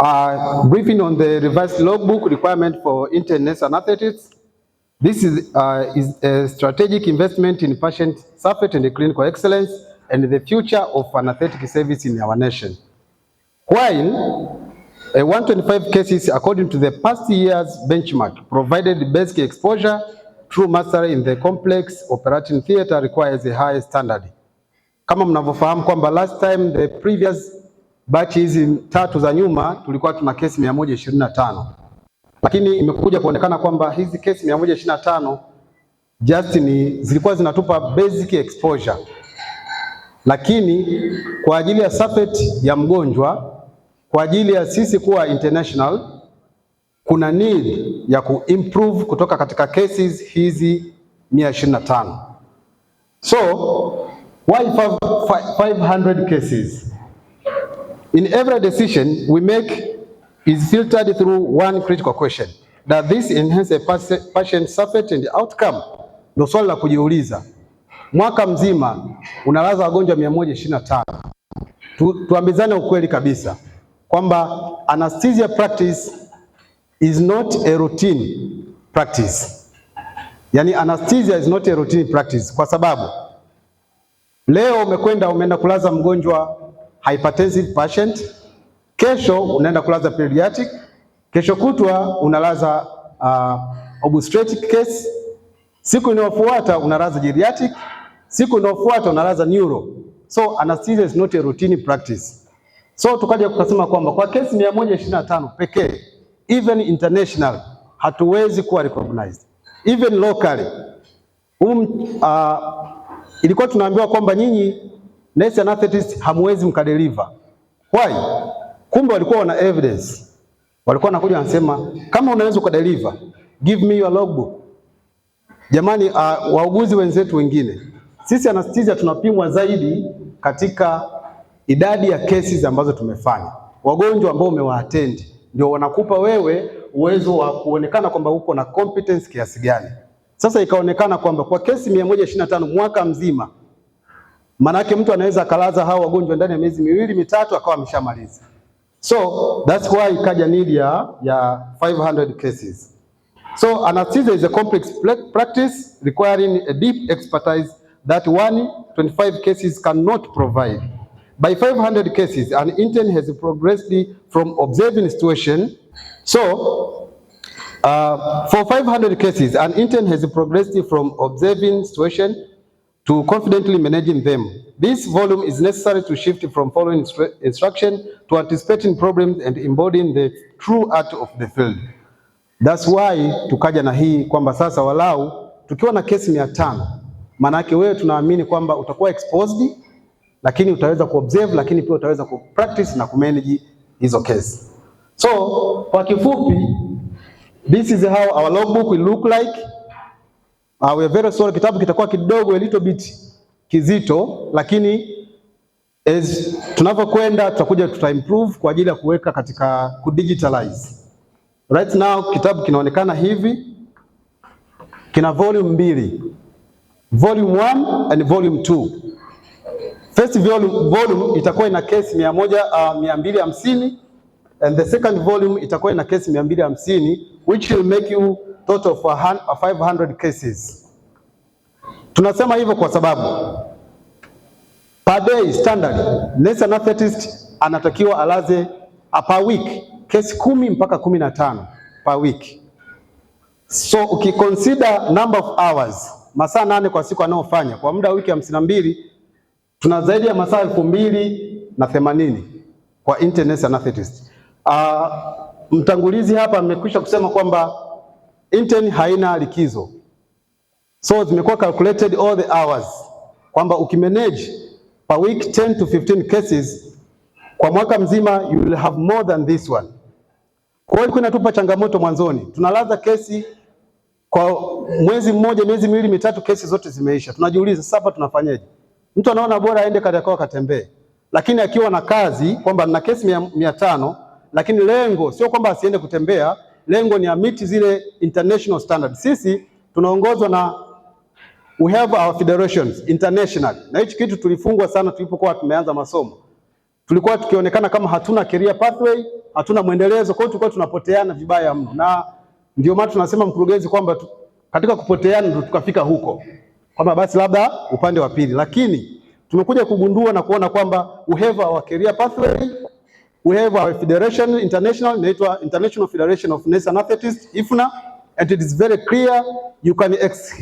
Uh, briefing on the revised logbook requirement for internists and athletics. This is, uh, is a strategic investment in patient safety and clinical excellence and the future of an athletic service in our nation. While uh, 125 cases according to the past year's benchmark provided basic exposure, true mastery in the complex operating theater requires a high standard. Kama mnavyofahamu kwamba last time the previous bachi hizi tatu za nyuma tulikuwa tuna kesi mia moja ishirini na tano lakini imekuja kuonekana kwamba hizi kesi mia moja ishirini na tano just ni zilikuwa zinatupa basic exposure, lakini kwa ajili ya safety ya mgonjwa, kwa ajili ya sisi kuwa international, kuna need ya kuimprove kutoka katika cases hizi 125. So why 500 cases In every decision we make is filtered through one critical question. Does this enhance a patient suffering and outcome? Ndio swali la kujiuliza. Mwaka mzima unalaza wagonjwa 125. Tu, tuambizane ukweli kabisa kwamba anesthesia practice is not a routine practice. Yani, anesthesia is not a routine practice kwa sababu leo umekwenda umeenda kulaza mgonjwa hypertensive patient, kesho unaenda kulaza pediatric, kesho kutwa unalaza uh, obstetric case, siku inayofuata unalaza geriatric, siku inayofuata unalaza neuro. So anesthesia is not a routine practice. So tukaja tukasema kwamba kwa kesi 125 pekee, even international hatuwezi kuwa recognized, even locally um, uh, ilikuwa tunaambiwa kwamba nyinyi nurse anesthetist hamwezi mkadeliver. Why? Kumbe walikuwa wana evidence, walikuwa wanakuja wanasema kama unaweza ukadeliver, give me your logbook. Jamani, uh, wauguzi wenzetu wengine, sisi anesthesia tunapimwa zaidi katika idadi ya kesi ambazo tumefanya, wagonjwa ambao umewaattend ndio wanakupa wewe uwezo wa kuonekana kwamba uko na competence kiasi gani. Sasa ikaonekana kwamba kwa kesi 125 mwaka mzima Manake mtu anaweza akalaza hao wagonjwa ndani ya miezi miwili mitatu akawa ameshamaliza. So that's why ikaja need ya ya 500 cases. So anesthesia is a complex practice requiring a deep expertise that 25 cases cannot provide. By 500 cases an intern has progressed from observing situation. So uh, for 500 cases an intern has progressed from observing situation to confidently managing them. This volume is necessary to shift from following instru instruction to anticipating problems and embodying the true art of the field. That's why tukaja na hii kwamba sasa walau tukiwa na kesi mia tano maanake wewe tunaamini kwamba utakuwa exposed, lakini utaweza kuobserve, lakini pia utaweza kupractice na kumanage hizo kesi. So kwa kifupi, this is how our logbook will look like uh, we very sorry, kitabu kitakuwa kidogo a little bit kizito, lakini as tunavyokwenda tutakuja tuta improve kwa ajili ya kuweka katika ku digitalize. Right now kitabu kinaonekana hivi, kina volume mbili, volume 1 and volume 2. First volume, volume itakuwa ina case 100 uh, 250 and the second volume itakuwa ina case 250 which will make you total of 500 cases. Tunasema hivyo kwa sababu per day standard nurse anesthetist anatakiwa alaze per week kesi kumi mpaka kumi na tano per week, so ukiconsider number of hours, masaa nane kwa siku anaofanya kwa muda wa wiki hamsini na mbili tuna zaidi ya masaa elfu mbili na themanini kwa internist anesthetist. Uh, ah, mtangulizi hapa amekwisha kusema kwamba Intern haina likizo, so zimekuwa calculated all the hours kwamba ukimanage per week 10 to 15 cases kwa mwaka mzima you will have more than this one. Kwa hiyo inatupa changamoto mwanzoni, tunalaza kesi kwa mwezi mmoja, miezi miwili mitatu, kesi zote zimeisha. Tunajiuliza sasa, hapa tunafanyaje? Mtu anaona bora aende Kariakoo akatembee, lakini akiwa na kazi kwamba na kesi mia, mia tano, lakini lengo sio kwamba asiende kutembea lengo ni amiti zile international standards. Sisi tunaongozwa na we have our federations international, na hichi kitu tulifungwa sana tulipokuwa tumeanza masomo, tulikuwa tukionekana kama hatuna career pathway, hatuna mwendelezo. Kwa hiyo tulikuwa tunapoteana vibaya mno, na ndio maana tunasema mkurugenzi kwamba katika kupoteana ndio tukafika huko kwamba basi labda upande wa pili, lakini tumekuja kugundua na kuona kwamba we have our career pathway we have our federation international inaitwa International Federation of Nurses Anesthetists IFNA, and it is very clear you can ex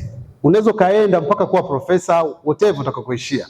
unaweza ukaenda mpaka kuwa profesa whatever utakakoishia.